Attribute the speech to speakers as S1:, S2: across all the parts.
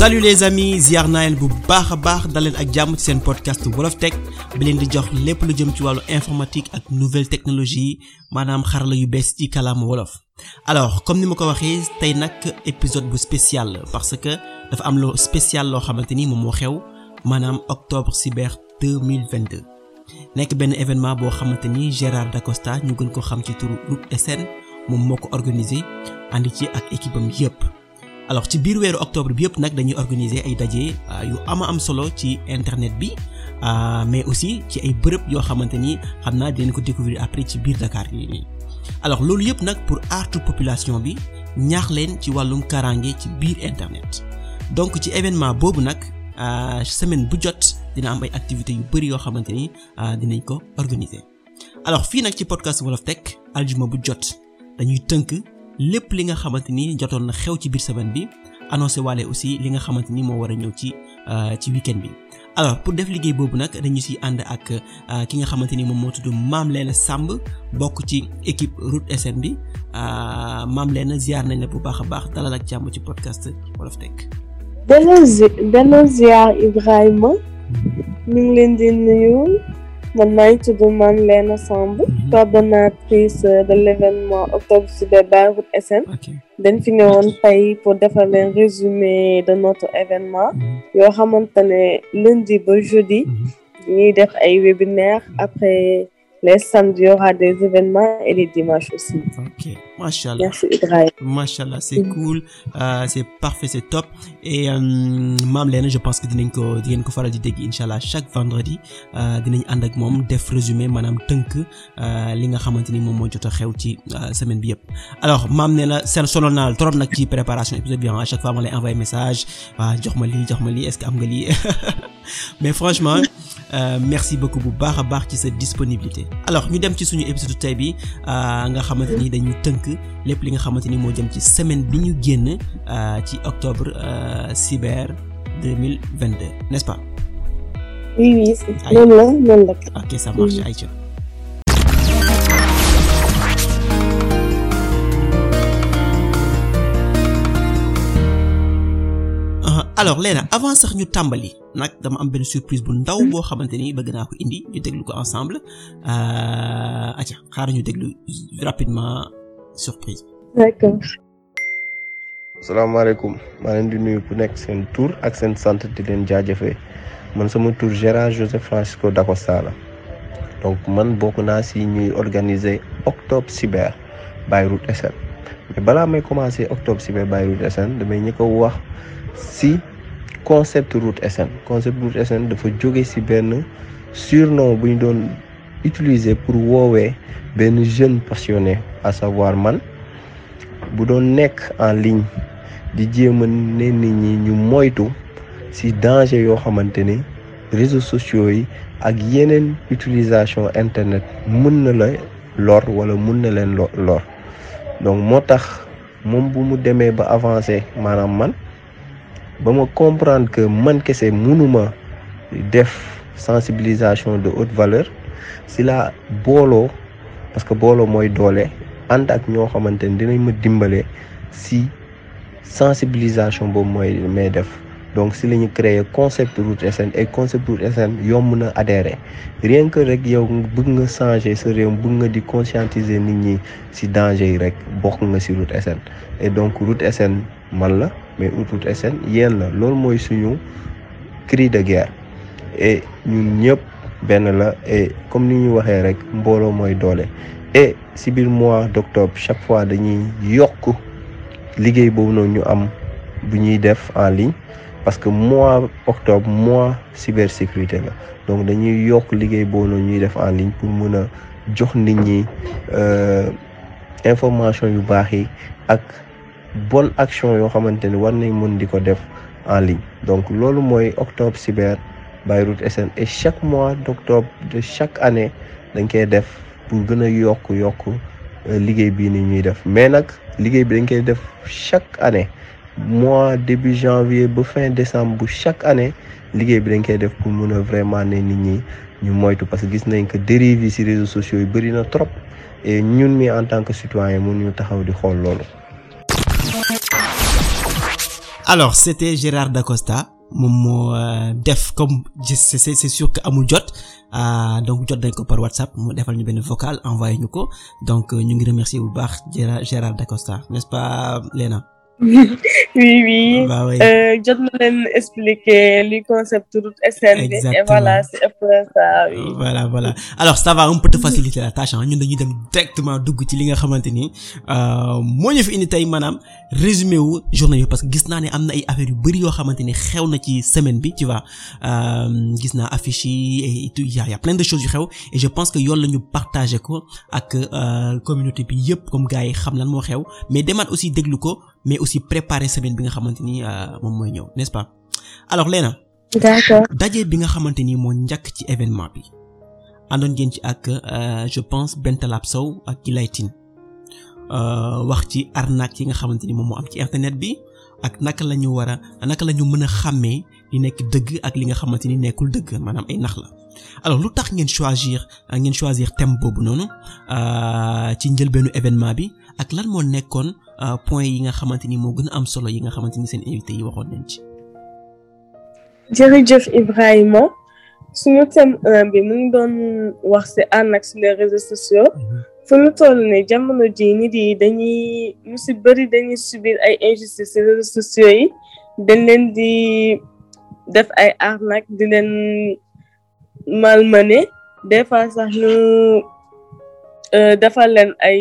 S1: salut les amis ziar naa leen bu baaxa baax daleen ak jàmm ci seen podcast wolof teg bi leen di jox lépp lu jëm ci wàllu informatique ak nouvelle technologie yi maanaam xarala yu bees ci kàllaama wolof. alors comme ni ma ko waxee tey nag épisode bu spécial parce que dafa am lu spécial loo xamante ni moom moo xew maanaam octobre cyber 2022 nekk benn événement boo xamante ni Gérard Dacosta ñu gën ko xam ci turu Root SN moom moo ko organisé ànd ci ak équipe am yëpp. alors ci biir weeru octobre bi yëpp nag dañuy organiser ay daje euh, yu ama am solo ci internet bi euh, mais aussi ci ay bërëb yoo xamante ni xam naa dinañ ko découvrir après ci biir Dakar yi nii alors loolu yëpp nag pour artu population bi ñaax leen ci wàllum karange ci biir internet donc ci événement boobu nag euh, semaine bu jot dina am ay activités yu bëri yoo xamante ni dinañ ko organiser alors fii nag ci podcast Wolof Tech aljuma bu jot dañuy tënk. lépp li nga xamante ni jotoon na xew ci biir semaine bi annoncé waale aussi li nga xamante ni moo war a ñëw ci euh, ci weekend bi alors pour def liggéey boobu nag dañu si ànd ak euh, ki nga xamante ni moom moo tudd Mame Lena sàmb bokk ci équipe Route SN bi euh, Mame Lena ziar nañ la bu baax a baax dalal ak jàmm ci podcast Wolof Tech.
S2: benn ziar Ibrahima. Mm-hmm. ñu ngi leen di nuyu. man maa ngi tudd Mame Lena Samb coordonnatrice de l'événement Octobre Sud Bayreuth SN dañ fi ñëwoon tey pour defar leen résumé de notre événement mhm. yoo xamante ne lundi ba jeudi mhm. ñuy def ay webinaire mhm. après les samedis, aura des événements et les dimanches aussi. Ok,
S1: Machallah. Merci Ibrahim. Machallah, c'est mm -hmm. cool, euh, c'est parfait, euh, je pense que dinañ ko dinañ ko faral di dégg inshallah chaque vendredi euh, dinañ ànd ak moom def résumé maanaam tënk euh, li nga xamante ni moom moo jot a xew ci euh, semaine bi yëpp. alors maam nee na seen solo naal trop nag ci préparation épisode bi à chaque fois ma lay envoyé message jox ma lii jox ma lii est-ce am nga lii mais franchement. Euh, merci beaucoup bu baax a baax ci sa disponibilité alors ñu dem ci suñu épisode tey bi euh, nga xamante ni dañu tënk lépp li nga xamante ni moo jëm ci semaine bi ñu génn euh, ci octobre cyber 2022 n'est-ce pas
S2: oui oui
S1: alors Léna avant sax ñu tàmbali nag dama am benn surprise bu ndaw boo xamante ni bëgg naa ko indi ñu déglu ko ensemble euh, atia xaaral ñu déglu rapidement surprise.
S2: d'accord.
S3: salaamaaleykum maa leen di nuyu ku nekk seen tour ak seen sant di leen jaajëfee man sama tour Gérard Joseph Francisco Dacosta la donc man bokk naa si ñuy organiser Octobre Cyber Bayrou SN mais balaa may commencer Octobre Cyber Bayrou SN damay ñi ko wax si concept route SN concept route dafa jóge ci benn surnom bu doon utiliser pour woowee benn jeune passionné à savoir man bu doon nekk en ligne di jéem a ne nit ñi ñu moytu ci danger yoo xamante ni réseaux sociaux yi ak yeneen utilisation internet mën na la lor wala mën na leen lor donc moo tax moom bu mu demee ba avancé maanaam man ba ma comprendre que man kese mënuma def sensibilisation de haute valeur si la booloo parce que booloo mooy doole ànd ak ñoo xamante ni dinañ ma dimbale si sensibilisation boobu mooy may def donc si la ñu créer concept route SN et concept route SN yomb na adhérer rien que rek yow bëgg nga changé sa réew bugg nga di conscientiser nit ñi si danger yi rek bokk nga si route SN et donc route SN man la mais route SN yéen la loolu mooy suñu cri de guerre et ñun ñëpp benn la et comme ni ñuy waxee rek mbooloo mooy doole et si biir mois d' octobre chaque fois dañuy yokk liggéey boobu noonu ñu am bu ñuy def en ligne parce que mois octobre mois cybersécurité la donc dañuy yokk liggéey boobu ñuy def en ligne pour mun a jox nit ñi euh, information yu baax yi ak bonne action yoo xamante ne war nañ mën di ko def en ligne donc loolu mooy octobre cyber Bayreuth SN et chaque mois d' de chaque année dañ koy def pour gën a yokk yokk euh, liggéey bii ni ñuy def mais nag liggéey bi dañ koy def chaque année mois début janvier ba fin décembre bu chaque année liggéey bi dañ koy def pour mun a vraiment ne nit ñi ñu moytu parce que gis nañ ko dérive yi ci réseaux sociaux yi bëri na trop et ñun mi en tant que citoyen mun ñu taxaw di xool loolu.
S1: alors c'était Gérard Dacosta moom moo euh, def comme c'est c'est sûr que amul jot euh, donc jot nañ ko par WhatsApp mu defal ñu benn vocal envoyé ñu ko donc euh, ñu ngi remercier bu baax Gérard Dacosta n'est-ce pas Léna.
S2: oui oui ah euh, jot na leen expliquer li concept route SN
S1: voilà voilà alors ça va un faciliter la tâche ñun dañuy dem directement dugg ci li nga xamante ni euh, moo ñu fi indi tey maanaam résumé wu journée bi parce que gis naa ne am na ay affaire yu bëri yoo xamante ni xew na ci semaine bi tu vois euh, gis naa affiche yi et tout y de choses yu xew et je pense que yoon la ñu partagé ko ak communauté bi yëpp comme gars yi xam lan moo xew mais demaat aussi déglu ko. mais aussi préparer semaine bi nga xamante ni euh, moom mooy ñëw nest pas alors Léna d'accord daje bi nga xamante ni moo njëkk ci événement bi àndoon ngeen ci ak euh, je pense Bentalab Sow ak Gilay Tine euh, wax ci arnaque yi nga xamante ni moom moo am ci internet bi ak naka la ñu war a naka la ñu mën a xàmmee li nekk dëgg ak li nga xamante ni nekkul dëgg maanaam ay nax la alors lu tax ngeen choisir ngeen choisir thème boobu noonu ci njëlbeenu événement bi ak lan moo nekkoon euh, point yi nga xamante ni moo gën am solo yi nga xamante ni seen invité yi waxoon nañ ci.
S2: jërëjëf Ibrahima suñu thème 1 bi mu ngi doon wax si ànd ak si les sociaux mm-hmm. fu ñu ne jamono jii nit yi dañuy ñu si bëri dañuy subir ay injustice si réseaux sociaux yi dañ leen di def ay arnaque di leen malmené sax ñu. Euh, defal leen ay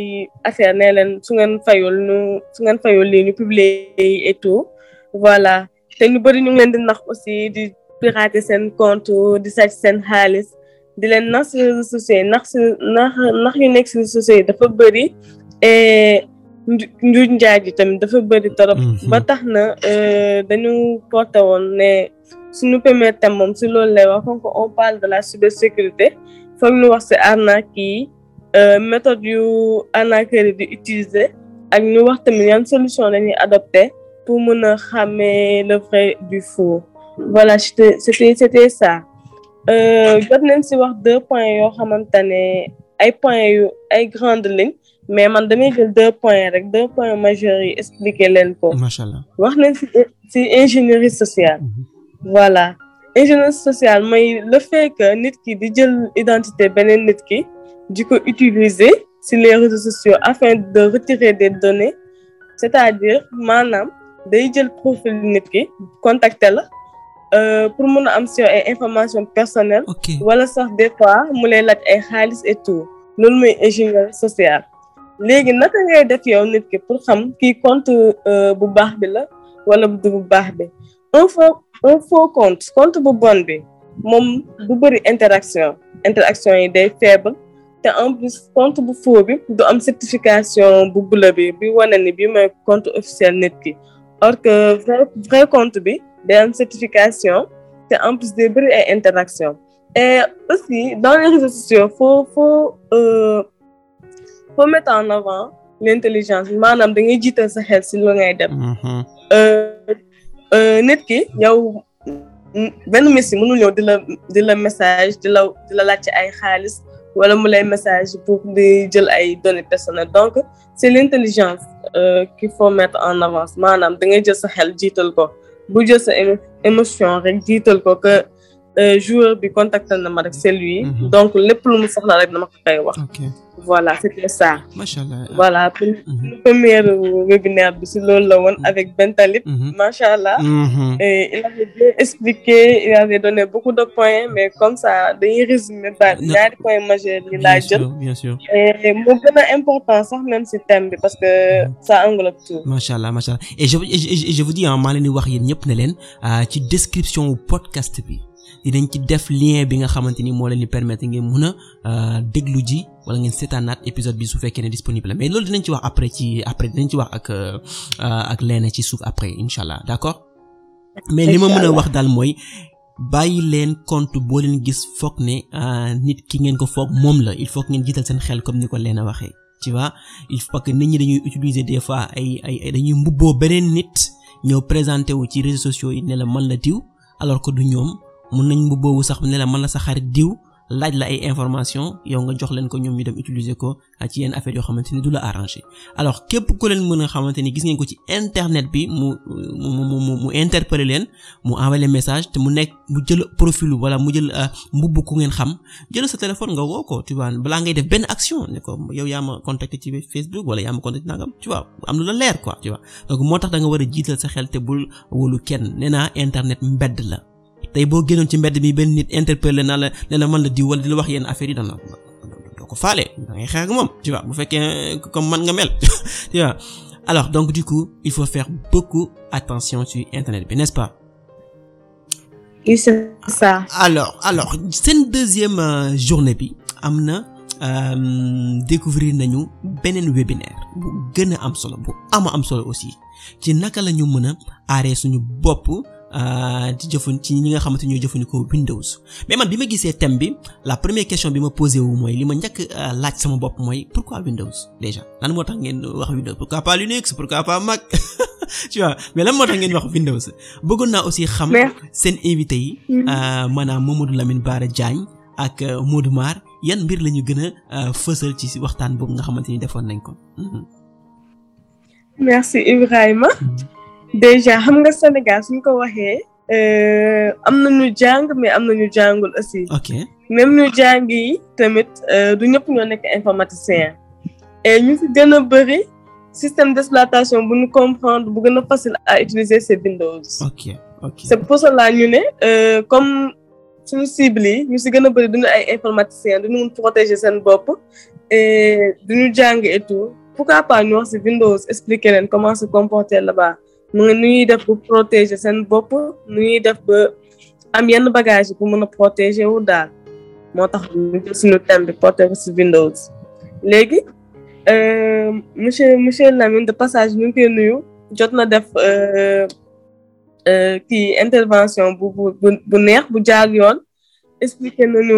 S2: affaire ne leen su ngeen fayul nu su ngeen fayul lii ñu publier et tout voilà te ñu bëri ñu leen di nax aussi di pirater seen compte di sàcc seen xaalis di leen nax si réseaux sociaux nax nax nax yu nekk si réseaux sociaux dafa bëri et njuuj njaaj yi tamit dafa bëri torop mm-hmm. ba tax na euh, dañu porté woon ne suñu premier thème moom si loolu lay wax comme on parle de la cybersécurité foog ñu wax si arnaque Euh, méthode yu ANACIM di utiliser ak ñu wax tamit yan solution la ñuy adopter pour mën a xàmmee le vrai du faux voilà c'était c'était ça euh, jot nañ si wax deux points yoo xamante ne ay points yu ay grandes lignes mais man damay jël deux points rek deux points majeurs yi expliquer leen ko. macha allah wax nañ si si ingénierie sociale. Mhm. voilà ingénierie sociale mooy le fait que nit ki di jël identité beneen nit ki. di ko utiliser ci les réseaux sociaux afin de retirer des données c'est-à-dire maanaam day jël profil nit ki contacter la euh, pour mun a am ci ay information personnelle wala sax des fois mu lay laaj ay xaalis et tout loolu mooy ingénieur social léegi naka ngay def yow nit ki pour xam kii compte euh, bu baax bi la wala du bu baax bi un faux un faux compte compte bu bon bi moom du bëri interaction interaction yi day faible te en plus compte bu faux bi du am certification bu bula bi bi wane ni bi mooy compte officiel nit ki or que vrai compte bi day am certification te en plus day bëri ay interaction et aussi dans les réseaux sociaux faut faut euh, en avant l'intelligence maanaam da ngay jiital sa xel si lu ngay dem mm-hmm. euh, euh, nit ki yow benn messi mënul ñëw di la message di la di la laajte ay xaalis wala mu lay message pour di jël ay données personnelles donc c'est l'intelligence euh, qu'il faut mettre en avance maanaam da ngay jël sa xel jiital ko bu jël sa émotion rek jiital ko que euh, joueur bi contacté na ma rek c'est lui mm-hmm. donc lépp lu mu soxla rek dama ma koy wax voilà c'était ça. macha allah voilà mhm. premier webinaire bi si loolu la woon mhm. avec Bentalib. macha mhm. allah. il avait bien expliqué il avait donné beaucoup de points mais comme ça dañuy résumer daal ñaari points majeurs yi laa jël. bien sûr et mu gën a important sax même si parce que ça englobe tout.
S1: macha allah macha allah et je vous dis ah wax yéen ñëpp ah, ci description podcast bi. dinañ ci def lien bi nga xamante ni moo leen di permettre ngeen mun a euh, déglu ji wala ngeen seetaanaat épisode bi su fekkee ne disponible mais loolu dinañ ci wax après ci après dinañ ci wax ak euh, ak leena ci suuf après incha allah d'accord mais li ma wax daal mooy bàyyi leen compte boo leen gis foog ne euh, nit ki ngeen ko foog moom la il faut que jiital seen xel comme ni ko leena waxee tu vois il faut que nit ñi dañuy utiliser des fois ay ay dañuy mbubboo beneen nit ñëw présenté wu ci réseau sociaux yi ne la man la diw alors que du ñoom mun nañ mbubboowu sax ne la mën la sa xarit diw laaj la ay information yow nga jox leen ko ñoom ñu dem utiliser ko ci yenn affaire yoo xamante ni du la arrangé alors képp ku leen mën nga xamante ni gis ngeen ko ci internet bi mu mu mu mu interpeller leen mu envoyer message te mu nekk mu jël profil wala mu jël euh, mbubb ku ngeen xam jël sa téléphone nga woo ko tu vois balaa ngay def benn action ne ko yow yaama ma contacté ci Facebook wala yaa ma contacté nangam tu vois am la leer quoi tu vois moo tax da nga war a jiital sa xel bul wóolu kenn nee naa internet mbedd la. tey boo génnoon ci mbedd mi benn nit interpellé na la ne man mën la diw wala di la wax yenn affaire yi dana doo ko faale da xeex ak moom tu vois bu fekkee comme man nga mel tu vois alors donc du coup il faut faire beaucoup attention bi n'est-ce pas
S2: oui c'est ça
S1: alors seen deuxième euh, journée bi am na euh, découvrir nañu beneen webinaire bu gën am solo bu ama am solo aussi ci naka la ñu mën a aaree suñu bopp Euh, di jëfand ci ñi nga xamante ñoo jëfandikoo Windows mais man bi ma gisee thème bi la première question bi ma posé mooy li ma njëkk euh, laaj sama bopp mooy pourquoi Windows déjà lan moo tax ngeen wax Windows pourquoi pas Linux pourquoi pas Mac tu vois mais lan moo tax ngeen wax Windows bëggoon naa aussi xam seen invité yi moo mm-hmm. euh, Mamadou Lamine Bara Diagne ak Modou Mar yan mbir la ñu gën a fësal ci waxtaan boobu nga xamante ni defoon nañ ko
S2: mm-hmm. déjà xam nga Sénégal suñ ko waxee. Euh, am na ñu jàng mais am na ñu jàngul aussi. ok même ñu jàng yi tamit euh, du ñëpp ñoo nekk informaticien. et ñu fi gën a bëri système d'exploitation bu ñu comprendre bu gën a facile à utiliser c'est Windows. ok c'est pour cela ñu ne euh, comme suñu cible yi ñu si gën a bëri duñu ay informaticiens duñu mun protéger seen bopp. du ñu jàng et tout pourquoi pas ñu wax si Windows expliquer leen comment se comporter là mu nu ñuy def bu protéger seen bopp nu ñuy def ba am yenn bagage bu mën a protéger wu daal moo tax ñu jël suñu thème bi protéger si Windows léegi euh, monsieur monsieur Lamine de passage ñu ngi koy nuyu jot na def euh, euh, kii intervention bu bu bu neex bu jaar yoon expliqué nañu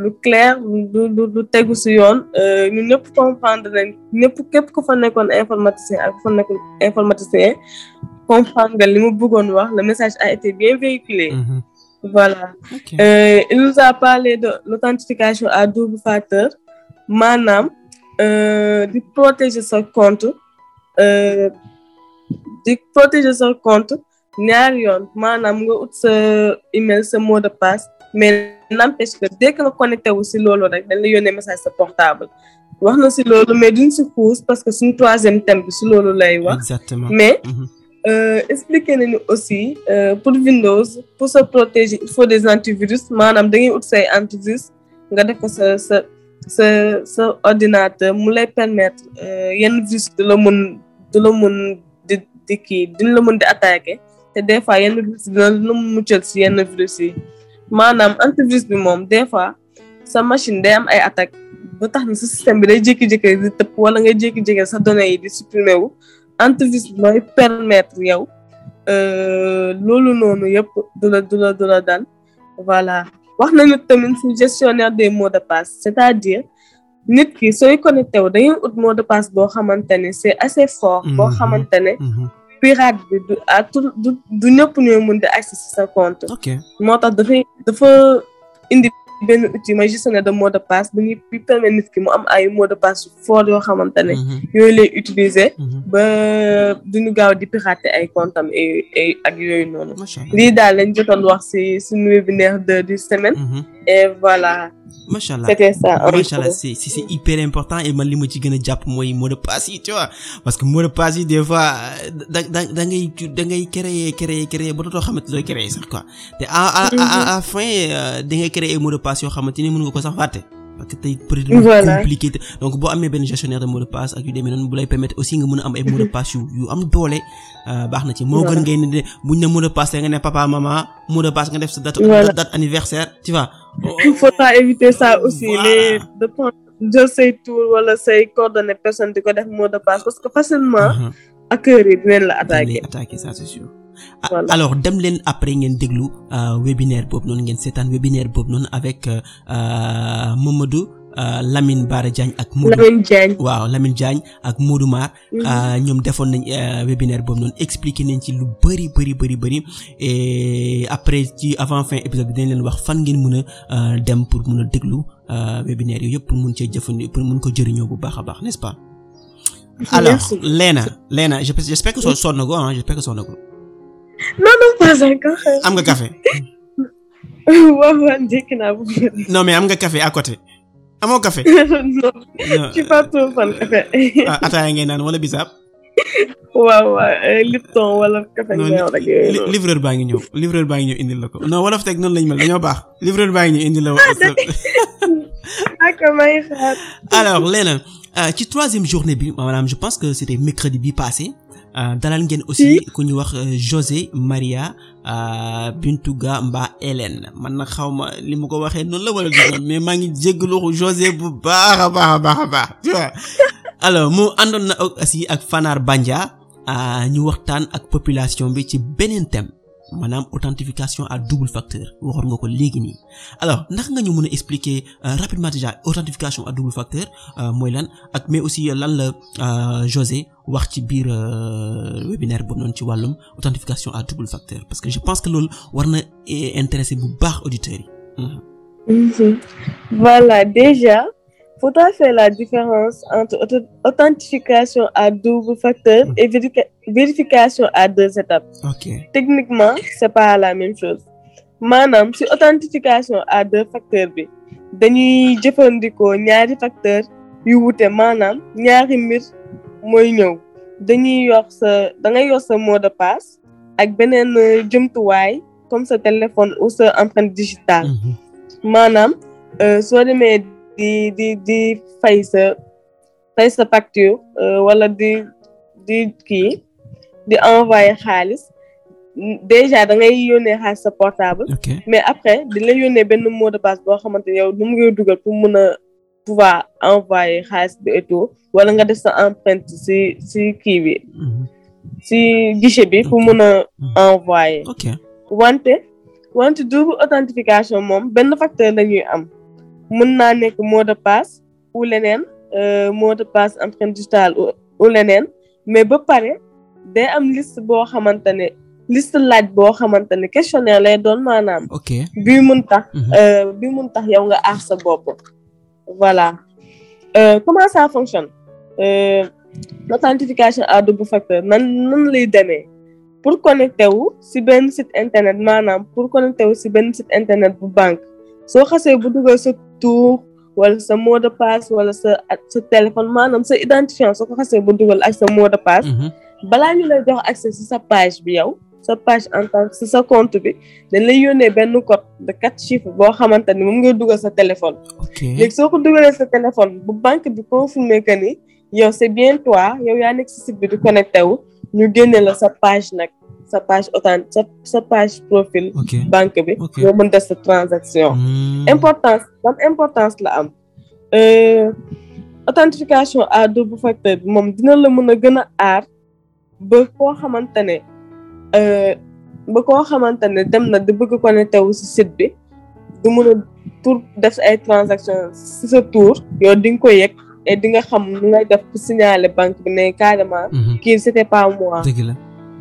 S2: lu clair lu lu tegu si yoon euh, ñun ñëpp comprendre nañ ñëpp képp ku fa nekkoon informaticien ak ku fa nekkoon informaticien comprendre nga li mu bëggoon wax le message a été bien véhiculé. Mm-hmm. voilà okay. euh, il nous a parlé de l'authentification à double facteur maanaam euh, di protéger sa compte euh, di protéger sa compte ñaari yoon maanaam nga ut sa email sa mot de passe. mais n'empêche que dès nga connecté wu si loolu rek dañ la yónnee message sa portable wax na si loolu mais duñ si xuus parce que suñu troisième thème bi si loolu lay wax exactement mais mhm. euh, expliqué nañu aussi euh, pour Windows pour sa protéger il faut des antivirus maanaam da ngay ut say antivirus nga def ko sa sa sa sa ordinateur mu lay permettre euh, yenn virus du la mun du la mun di di kii duñ la mun di attaqué te des fois yenn virus dina la mun muccal si yenn virus yi maanaam antivirus bi moom des fois sa machine day am ay attaque ba tax na sa système bi day jékki-jékki di tëpp wala ngay jékki-jékki sa données yi di supprimer wu antivirus mooy permettre yow euh, loolu noonu yëpp du la du la du la dal voilà wax nañu tamit si gestionnaire des mots de passe c'est-à-dire nit ki sooy connecté wu dañuy ut mot de passe boo xamante ne c'est assez fort mm-hmm. boo xamante ne mm-hmm. pirate bi du ah, du du ñëpp ñooy mën di accès si sa compte. moo tax dafay dafa indi benn outil mooy gestionnaire de mot de passe bu ngi bi permettre nit ki mu am ay mot de passe fort yoo xamante ne. Mhm. yooyu utiliser. Mhm. ba duñu gaaw di pirater ay compte am ak yooyu noonu. lii daal lañ jotoon wax si suñu webinaire de du semaine. Mhm. et voilà. macha allah c'était ça. c'est
S1: c'est important et man li ma ci gën a jàpp mooy mot de passe yi tu vois parce que mot de passe yi des fois da da da ngay da ngay créer créer créer ba dootoo xamante sax quoi te à à à mhm. fin euh, da ngay créer mot de passe yoo xamante ni mun nga ko sax fàtte. parce que tey peut être donc boo amee benn gestionnaire de mot de passe ak yu demee noonu bu lay permettre aussi nga mën a am ay mot de passe yu am doole euh, baax na ci moo gën ngay ne de buñ ne mot de passe nga ne papa maman mot de passe nga def sa date date anniversaire tu vois
S2: il faut pas aussi les de prendre jël say tour wala say coordonnées personne di ko def mot de passe parce que facilement uh-huh. hackers yi dinañ la attaquer attaquer ça c'est Ah,
S1: alors dem leen après ngeen déglu euh, webinaire boobu noonu ngeen seetaan webinaire boobu noonu avec euh, euh, Mamadou Lamine Bara Diagne ak Modou waaw Lamine Diagne ak Modou Mar mhm. ah, ñoom defoon nañ webinaire boobu noonu expliqué nañ ci lu bëri bëri bëri bëri et après ci avant fin épisode bi dañ leen wax fan ngeen mën a dem pour mën a déglu webinaire yooyu yëpp mun cee jëfandi pour mun ko jëriñoo bu baax a baax n'est-ce pas alors Léna Léna j'espère que sonn na ko ah j'espère que sonn ko
S2: non non pas encore. am nga café. waaw waaw dégg naa bu
S1: non mais am nga café à côté.
S2: amoo café. non je suis pas trop fan café. ah
S1: ataaya ngay naan wala bisaab.
S2: waaw waaw euh, Lipton wala café ñëw rek yooyu
S1: livreur baa ngi ñëw livreur baa ngi ñëw indil la ko non wolof teg noonu lañu mel dañoo baax livreur baa ngi ñëw indil la ko.
S2: ak may xaar.
S1: alors Léna euh, ci troisième journée bi maanaam je pense que c'était mercredi bi passé. Euh, dalal ngeen aussi ku ñu wax euh, José Maria euh, Bintuga mbaa Hélène man na xaw ma li mu ko waxee noonu la wala du noonu mais maa ngi jéggalu José bu baax a baax a baax a baax tu vois mu àndoon na aussi ak Fanar Bandia ñu waxtaan ak population bi ci beneen thème maanaam authentification à double facteur waxoon nga ko léegi nii alors ndax nga ñu mën a expliquer euh, rapidement déjà authentification à double facteur euh, mooy lan ak mais aussi euh, lan la José wax ci biir webinaire bu noonu ci wàllum authentification à double facteur parce que je pense que loolu war na intéresser bu baax auditeurs yi.
S2: Mhm. voilà déjà. Pour toi, la différence entre authentification à double facteur mm. et vérification à deux étapes. Okay. Techniquement, c'est pas la même chose. maanaam si authentification à deux facteurs bi dañuy jëfandikoo ñaari facteur yu wute maanaam ñaari mbir mooy ñëw dañuy yor sa da ngay yor sa mot de passe ak beneen jumtuwaay comme sa téléphone ou sa empreinte digitale mm-hmm. maanaam euh, soo demee di di di fay sa fay sa facture euh, wala di di kii di envoyer xaalis déjà da ngay yónnee xaalis sa portable. mais après di la yónnee benn mot de passe boo xamante yow nu mu ngi dugal pour mën a pouvoir envoyer xaalis bi et wala nga def sa empreinte si si kii bi. Mhm. si guichet bi pour mën a mhm. envoyer. wante wante double authentification moom benn facteur la ñuy am. mën naa nekk mot de passe ou leneen euh, mot de passe empreinte digitale ou leneen mais ba pare day am liste boo xamante ne liste laaj boo xamante ne questionnaire lay doon maanaam. ok bii mun tax. Mhm. Euh, bi mun tax yow nga aar sa bopp. voilà euh, comment ça fonctionne euh, l'authentification à double facteur nan nan lay demee pour connecter wu si benn sit internet maanaam pour connecter wu si benn site internet bu banque. soo xasee bu dugal sa tour wala sa mot de passe wala sa sa téléphone maanaam sa identifiant soo ko xasee bu dugal ak sa mot de passe mm-hmm. balaa ñu lay jox accès si sa page bi yow sa page en tant que sa compte bi dañ lay yónnee benn code de quatre chiffres boo xamante ni moom ngay dugal sa téléphone léegi soo ko dugalee sa téléphone bu banque bi confirmé que ni yow c'est bien toi yow yaa nekk si site bi di connecté wu ñu génne la sa page nag sa page autant sa sa page profil banque bi yoo mën def sa transaction hmm. importance ban importance la am euh, authentification à double facteur bi moom dina la mën a gën a aar ba koo xamante ne euh, ba koo xamante ne dem na di bëgg connecté wu si site bi du mën a tour def ay transaction si sa tour yow di nga ko yëg di nga xam nu ngay def pour signaler banque bi ne carrément mhm. kii c'était pas moi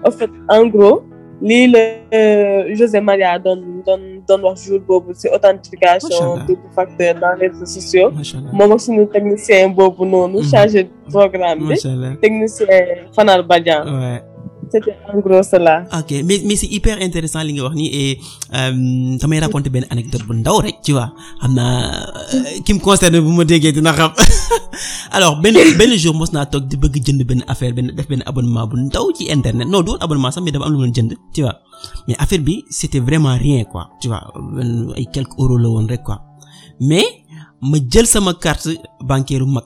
S2: en fait en gros lii la euh, José Maria doon doon doon wax jour boobu ci authentification double facteur dans les réseaux sociaux moom ak suñu technicien boobu noonu mhm. chargé programme bi technicien Fanal Badiane c'était en
S1: gros hyper intéressant li nga wax nii et euh, damay raconter benn anecdote bu ndaw rek ci waa xam naa ki me concerne bu ma déggee dina xam alors benn benn jour mos naa toog di bëgg jënd benn affaire benn def benn abonnement bu ndaw ci internet non du abonnement sax mais dama am lu a jënd tu vois mais affaire bi c'était vraiment rien quoi tu vois ay quelques euros la woon rek quoi mais ma jël sama carte bancaire mag.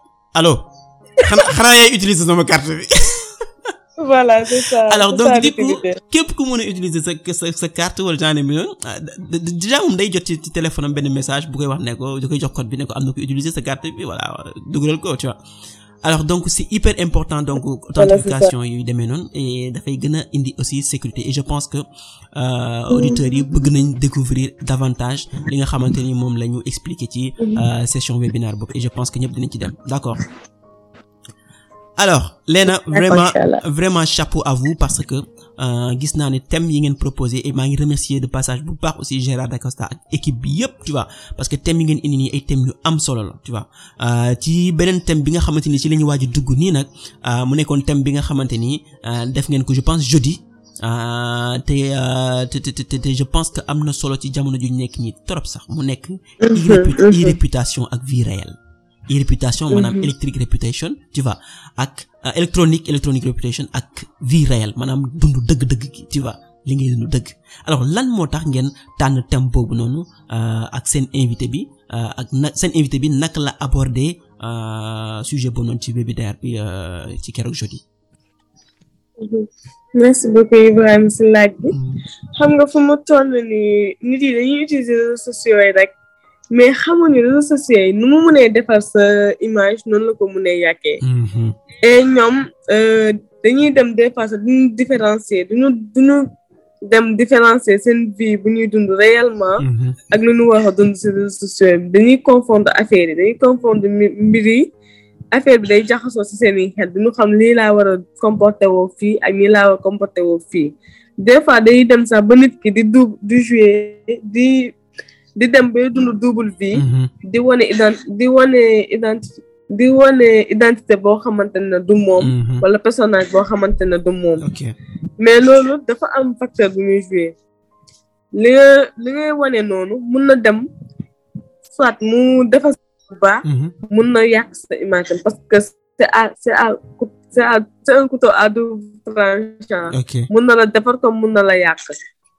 S1: alo xanaa xanaa yaay utiliser sama carte bi.
S2: voilà c'est ça alors donc du coup
S1: képp ku mën a utiliser sa sa sa carte wala genre bi ah, déjà moom day jot ci téléphone benn message bu koy wax nekko ko koy jox code bi ne am na ko utiliser sa carte bi voilà dugalal ko tu vois. alors donc c'est hyper important donc authentification yuy demee noonu dafay gën a indi aussi sécurité et je pense que euh, auditeurs yi bëgg nañ découvrir davantage li nga xamante ni moom la ñu expliquer ci mhm. euh, session webinaire boobu et je pense que ñëpp dinañ ci dem d'accord alors Léna vraiment vraiment chapeau à vous parce que euh, gis naa ni thème yi ngeen proposé et maa ngi remercier de passage bu baax aussi Gérard Dacosta ak équipe bi yëpp tu vois parce que thème yi ngeen indi nii ay thèmes yu am solo la tu vois euh, ci beneen thème bi nga xamante ni ci la ñu waaj a dugg nii nag euh, mu nekkoon thème bi nga xamante ni def ngeen ko je pense jeudi te te te je pense que am na solo ci jamono ju nekk nii trop sax mu nekk mhm, mhm. irréputation ak vie e-réputation mhm. maanaam electric reputation tu vois ak euh, électronique electronic reputation ak vie réelle maanaam dëgg-dëgg gi tu li ngay dund dëgg alors lan moo tax ngeen tànn thème boobu noonu euh, ak seen invité bi euh, ak na seen invité bi naka la aborder sujet boobu noonu ci webinaire bi ci keroog jeudi.
S2: merci beaucoup Ibrahima si laaj bi mm. xam nga fu mu toll nii nit yi dañuy utiliser réseaux sociaux yi rek. mais xamuñu réseaux sociaux yi nu mu mënee defar sa image noonu la ko mënee yàqee. Mm-hmm. et ñoom euh, dañuy dem des fois duñu différencier duñu duñu dem différencier seen fi bu ñuy dund réellement. Mm-hmm. ak lu ñu war a dund si réseaux sociaux dañuy confonder affaire yi dañuy confondre mbir yi bi day jaxasoo si seen i xel duñu xam lii laa war a comporté woo fii ak lii laa war a comporté woo fii des fois dem sax ba nit ki di du di. di dem bay dund double vie mhm. di wane ident di wane identité di wane identité boo xamante ne du moom mhm. wala personnage boo xamante ne du moom mais loolu dafa am facteur bu muy joué li nga li ngay wane noonu mun na dem soit mu defar bu baax mhm. mun na yàq sa image parce que c'est à c'est à c'est à c'est un couteau à double tranchant mun na la defar comme mun na la yàq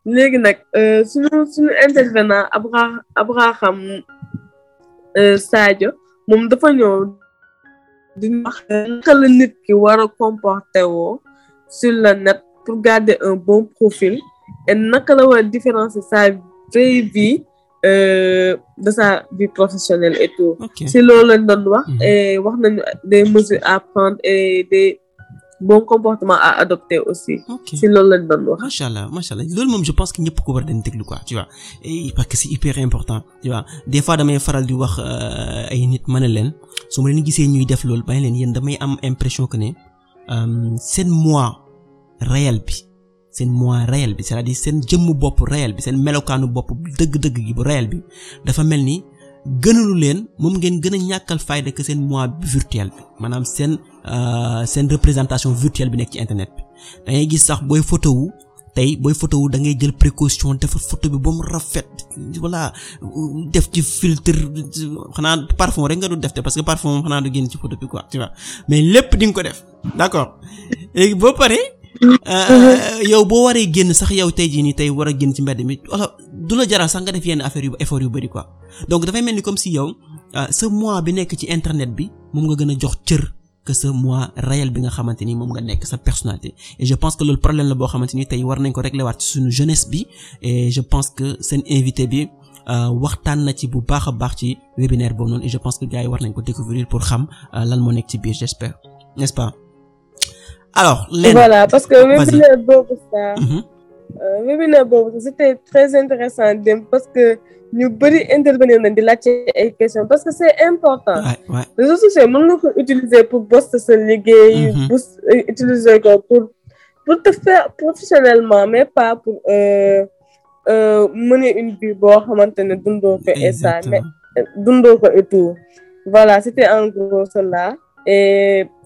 S2: léegi nag euh, suñu suñu intervenant Abra Abraham euh, Sadio moom dafa ñëw di wax naka la nit ki war a comporter sur le net pour garder un bon profil et naka la war a différencier sa vraie vie euh, de sa vie professionnelle et si loolu lañ wax. Mhm. et wax nañu des mesures à prendre et bon comportement à adopter aussi. si loolu lañ doon wax. macha
S1: allah macha allah loolu moom je pense que ñëpp ko war a dañ déglu quoi tu vois et parce que c'est hyper important tu des fois damay faral di wax euh, ay nit ma ne leen su ma leen gisee ñuy def loolu ba leen yéen damay am impression que ne euh, seen moi réel bi seen moi réel bi c'est-à-dire seen jëmm bopp reyal bi seen melokaanu bopp dëgg-dëgg gi bu réel bi dafa mel ni. gënalu leen moom ngeen gën a ñàkkal fayda que seen moi virtuel bi maanaam seen euh, seen représentation virtuelle bi nekk ci internet bi da ngay gis sax booy photo wu tey booy photo wu da ngay jël précaution defar photo bi ba mu rafet voilà def ci filtre xanaa parfum rek nga du def te parce que parfum moom xanaa du génn ci photo bi quoi tu vois mais lépp di nga ko def d'accord léegi boo paree Eh, eh, yow boo waree génn sax yow tey jii nii tey war a génn ci mbedd mi wala du la jaral sax nga def yenn affaire yu effort yu bëri quoi donc dafay mel ni comme si yow ah, sa mois bi nekk ci internet bi moom nga gën a jox cër que sa mois réel bi nga xamante ni moom nga nekk sa personnalité je pense que loolu problème la boo xamante ni tey war nañ ko régler waat ci suñu jeunesse bi et je pense que seen invité bi ah, waxtaan na ci bu baax a baax ci webinaire boobu noonu je pense que gaa yi war nañ ko découvrir pour xam ah, lan moo nekk ci biir j'espère n'est-ce alors voilà parce que webinaire
S2: boobu sax. Mhm. Euh, webinaire boobu sax c'était très intéressant dem parce que ñu bëri intervenir nañ di laajte ay questions parce que c'est important. réseaux sociaux mën nga ko utiliser pour booster sa liggéey. Mhm. boost euh, utiliser ko pour pour te faire professionnellement mais pas pour euh, mener une vie boo xamante ne ko et ça ko et tout voilà c'était en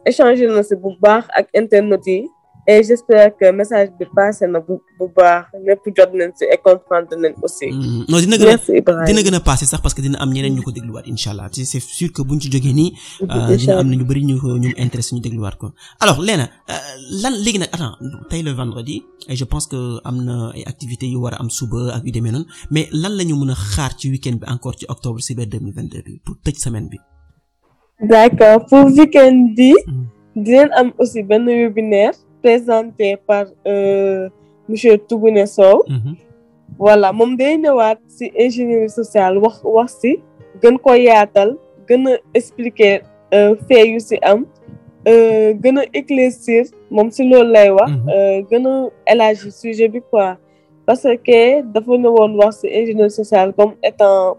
S2: échangé na si bu baax ak internet yi et j'espère que message bi passé na bu bu baax lépp jot nañ si et comprendre nañ aussi. Mm-hmm. non dina gën a dina
S1: gën a sax parce que dina am ñeneen ñu ko dégluwaat incha allah te c'est sûr que buñ ci jógee nii. Euh, dina am na ñu bëri ñu ko ñu intéressé ñu dégluwaat ko. alors Léna euh, lan léegi nag attends tey le vendredi et je pense que am na ay activités yu war a am suba ak yu demee noonu mais lan la ñu mën a xaar ci week-end bi encore ci octobre cyber 2022 bi pour semaine bi.
S2: d'accord pour week-end bi hmm. di am aussi benn webinaire présenté par euh, monsieur Tougoune Sow hmm. voilà moom day ñëwaat ci ingénierie sociale wax wax ci gën ko yaatal gën a expliquer euh, fee yu ci am euh, gën a éclaircir moom ci loolu lay wax hmm. gën a élargir sujet bi quoi parce que dafa ne woon wax ci ingénierie sociale comme étant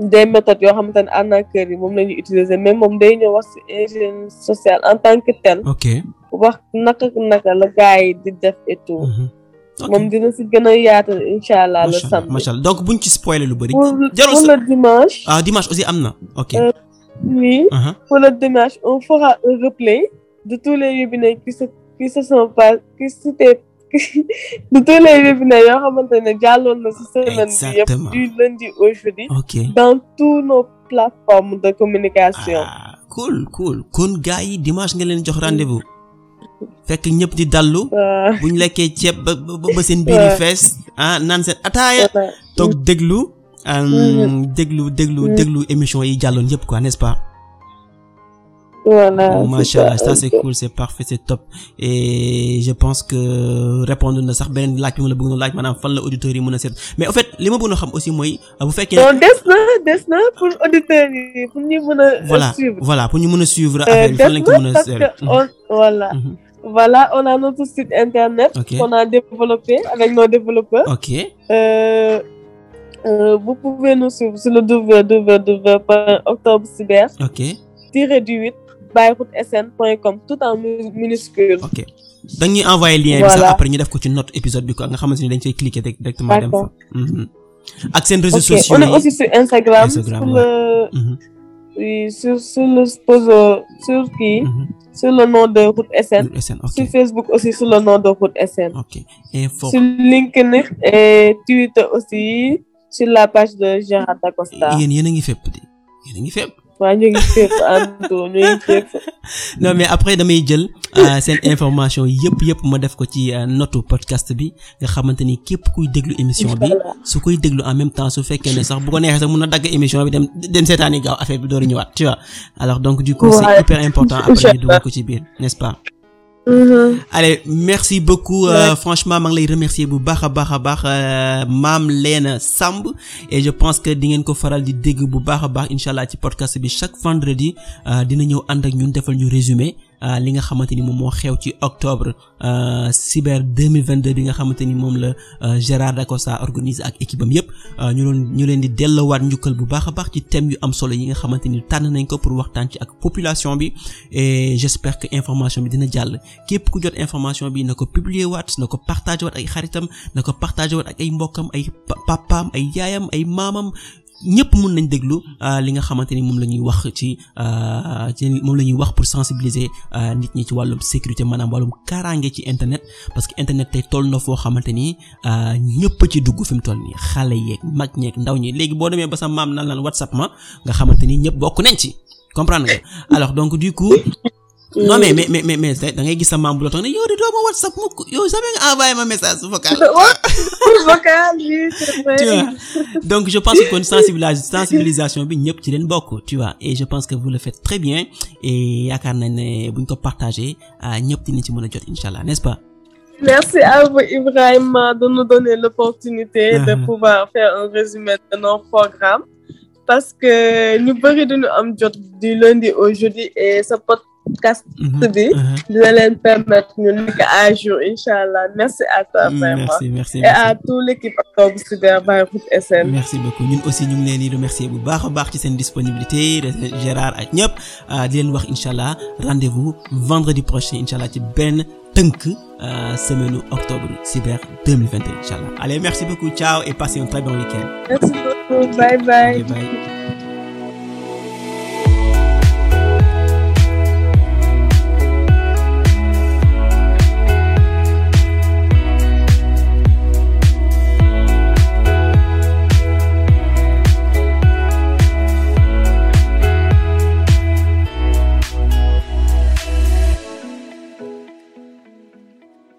S2: des méthodes yoo xamante ne arnaqueurs yi moom la ñuy utiliser mais moom day ñëw wax ci ingénierie sociale en tan que tel. ok wax naka naka la gars di def et tout. Mhm. moom dina ci gën a yaatal incha allah. le
S1: samedi donc buñ ci spoiler lu bëri.
S2: jarul pour le dimanche.
S1: Ah, dimanche aussi am na ok. Euh,
S2: oui. Uh-huh. pour le dimanche on fera un replay de tous les webinaires qui se se sont pas qui s'étaient de tous les webinaires yoo xamante ne jàlloon na si semaine bi yëpp du lundi au jeudi dans tous nos plateformes de communication ah, cool
S1: cool kon yi dimanche nga leen jox rendez-vous fekk ñëpp di dallu bu lekkee ceeb ba ba seen biir fees ah, naan seen ataaya toog déglu euh, mm-hmm. déglu déglu mm-hmm. déglu émission yi jàlloon yëpp quoi n'est-ce pas
S2: voilà oh, macha allah ça c'
S1: cool c' parfait c' top et je pense que répondre na sax beneen laaj bi ma la bëgg na laaj maanaam fan la auditeurs yi mën a seet mais en fait li ma bëggoon a xam aussi mooy bu fekkee. non des
S2: na des na pour auditeurs yi pour ñu mën a. voilà voilà pour ñu mën a suivre euh, affaire bi ko mën a. seet voilà. Mhm. Mhm. Voilà, on a notre site internet okay. a développé avec nos développeurs. OK. Euh, euh, vous pouvez nous suivre sur le www.octobercyber. OK. Tiré du 8 bayrou.sn.com tout en minuscule. ok dañuy envoyé lien bi sax
S1: après ñu def ko ci note épisode bi a nga xamante ni dañ cay cliquer directement dem mhm. ak seen réseaux sociaux on est aussi sur Instagram. le
S2: kii. Mhm. Mhm. sur le nom de Route SN. sur Facebook aussi sur le nom de Route SN. sur LinkedIn et Twitter aussi sur la page de Gérard Dacosta. yéen yéen a ngi fépp de yéen a ngi fépp. waa ñu ngi fépp àndu mais
S1: après damay jël euh, seen information yëpp yëpp ma def ko ci euh, notu podcast bi nga xamante ni képp kuy déglu émission bi su koy déglu en même temps su fekkee ne sax bu ko neexee sax mun na dagg émission bi dem dem seetaani gaaw affaire bi door ñëwaat tu vois alors donc du coup c'est hyper important après ñu ko ci biir n'est-ce Mm-hmm. allez merci beaucoup euh, franchement maa ngi lay remercier bu baax a baax a baax euh, maam Lena Samb et je pense que di ngeen ko faral di dégg bu baax a baax incha allah ci podcast bi chaque vendredi euh, dina ñëw ànd ak ñun defal ñu résumé Euh, li nga xamante ni moom moo xew ci octobre euh, cyber 2022 bi nga xamante ni moom la euh, Gérard Dacosta organise ak équipe am yëpp ñu doon ñu leen di delloowaat njukkal bu baax a baax ci thème yu am solo yi nga xamante ni tànn nañ ko pour waxtaan ci ak population bi et j'espère que information bi dina jàll képp ku jot information bi na ko publier waat na ko partager waat ay xaritam na ko partager waat ay mbokkam ay papaam ay yaayam ay maamam ñëpp mën nañ déglu euh, li nga xamante ni moom la ñuy wax ci euh, ci moom la ñuy wax pour sensibiliser euh, nit ñi ci wàllum sécurité maanaam wàllum kaaraange ci internet parce que internet tey toll na foo xamante ni ñëpp ci dugg fi mu toll nii xale yeeg mag ñeek ndaw ñi léegi boo demee ba sa maam naan laan WhatsApp ma nga xamante ni ñëpp bokk nañ ci comprendre nga alors donc du coup non mais euh, mais gis sa maam bu la toog yow de doo ma whatsapp mukk yow jamais nga envoyé ma message vocal. vocal oui c'est vrai. tu vois donc je pense que kon sensibilisation sensibilisation bi ñëpp ci leen bokk tu vois et je pense que vous le faites très bien et yaakaar nañ ne bu ñu ko partagé ah, ñëpp dinañ ci mën a jot incha allah n'est-ce pas.
S2: Merci à vous, Ibrahima, de nous donner l'opportunité de ah. pouvoir faire un résumé de nos programmes parce que ñu bëri dañu am jot du lundi au podcast mhm, bi mhm. dina leen permettre ñu nekk à jour incha allah merci à toi mm, vraiment merci merci et à ñun
S1: aussi ñu leen remercier bu baax a baax ci seen disponibilité Gérard ak ñëpp ah, di leen wax incha allah rendez-vous vendredi prochain incha allah ci benn tënk ah, semaine octobre cyber 2021 incha allah merci beaucoup ciao et passez un très bon week
S2: merci beaucoup bye bye